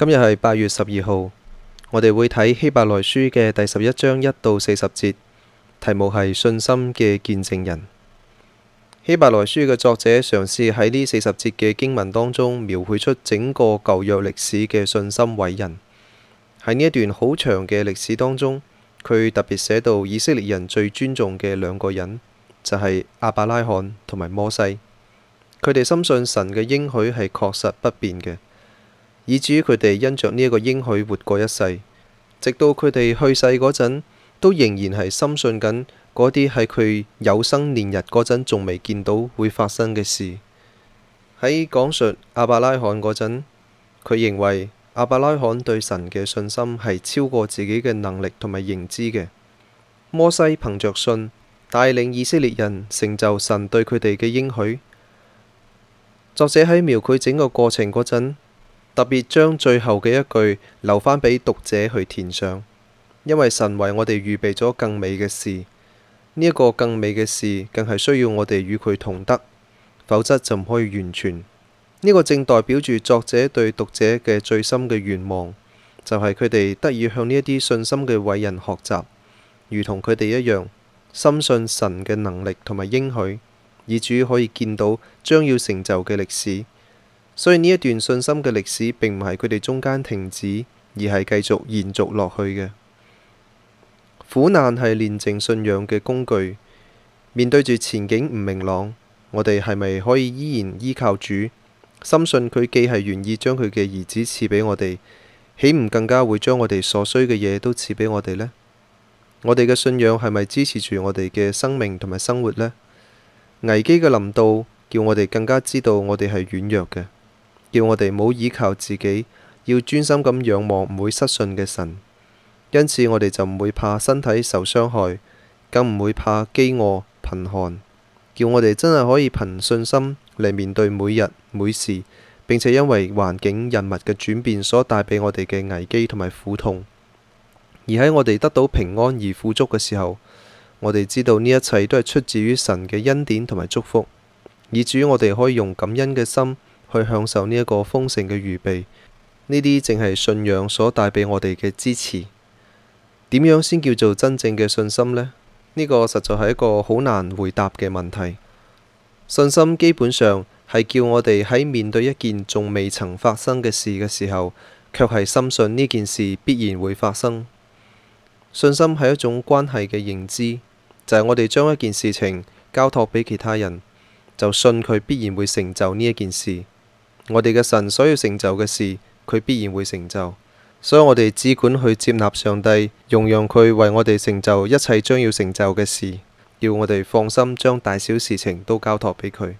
今日係八月十二號，我哋會睇希伯來書嘅第十一章一到四十節，題目係信心嘅見證人。希伯來書嘅作者嘗試喺呢四十節嘅經文當中，描繪出整個舊約歷史嘅信心偉人。喺呢一段好長嘅歷史當中，佢特別寫到以色列人最尊重嘅兩個人，就係亞伯拉罕同埋摩西。佢哋深信神嘅應許係確實不變嘅。以至於佢哋因着呢一個應許活過一世，直到佢哋去世嗰陣，都仍然係深信緊嗰啲喺佢有生年日嗰陣仲未見到會發生嘅事。喺講述亞伯拉罕嗰陣，佢認為亞伯拉罕對神嘅信心係超過自己嘅能力同埋認知嘅。摩西憑着信帶領以色列人成就神對佢哋嘅應許。作者喺描繪整個過程嗰陣，特別將最後嘅一句留翻俾讀者去填上，因為神為我哋預備咗更美嘅事。呢一個更美嘅事，更係需要我哋與佢同得，否則就唔可以完全。呢個正代表住作者對讀者嘅最深嘅願望，就係佢哋得以向呢一啲信心嘅偉人學習，如同佢哋一樣，深信神嘅能力同埋應許，以至於可以見到將要成就嘅歷史。所以呢一段信心嘅歷史並唔係佢哋中間停止，而係繼續延續落去嘅。苦難係煉淨信仰嘅工具。面對住前景唔明朗，我哋係咪可以依然依靠主？深信佢既係願意將佢嘅兒子賜俾我哋，豈唔更加會將我哋所需嘅嘢都賜俾我哋咧？我哋嘅信仰係咪支持住我哋嘅生命同埋生活咧？危機嘅臨到，叫我哋更加知道我哋係軟弱嘅。叫我哋唔好依靠自己，要專心咁仰望唔會失信嘅神。因此，我哋就唔會怕身體受傷害，更唔會怕飢餓、貧寒。叫我哋真係可以憑信心嚟面對每日每時，並且因為環境、人物嘅轉變所帶俾我哋嘅危機同埋苦痛。而喺我哋得到平安而富足嘅時候，我哋知道呢一切都係出自於神嘅恩典同埋祝福，以至於我哋可以用感恩嘅心。去享受呢一個豐盛嘅預備，呢啲淨係信仰所帶俾我哋嘅支持。點樣先叫做真正嘅信心呢？呢、呢個實在係一個好難回答嘅問題。信心基本上係叫我哋喺面對一件仲未曾發生嘅事嘅時候，卻係深信呢件事必然會發生。信心係一種關係嘅認知，就係、係、我哋將一件事情交託俾其他人，就信佢必然會成就呢一件事。我哋嘅神所要成就嘅事，佢必然會成就，所以我哋只管去接納上帝，容讓佢為我哋成就一切將要成就嘅事，要我哋放心將大小事情都交託俾佢。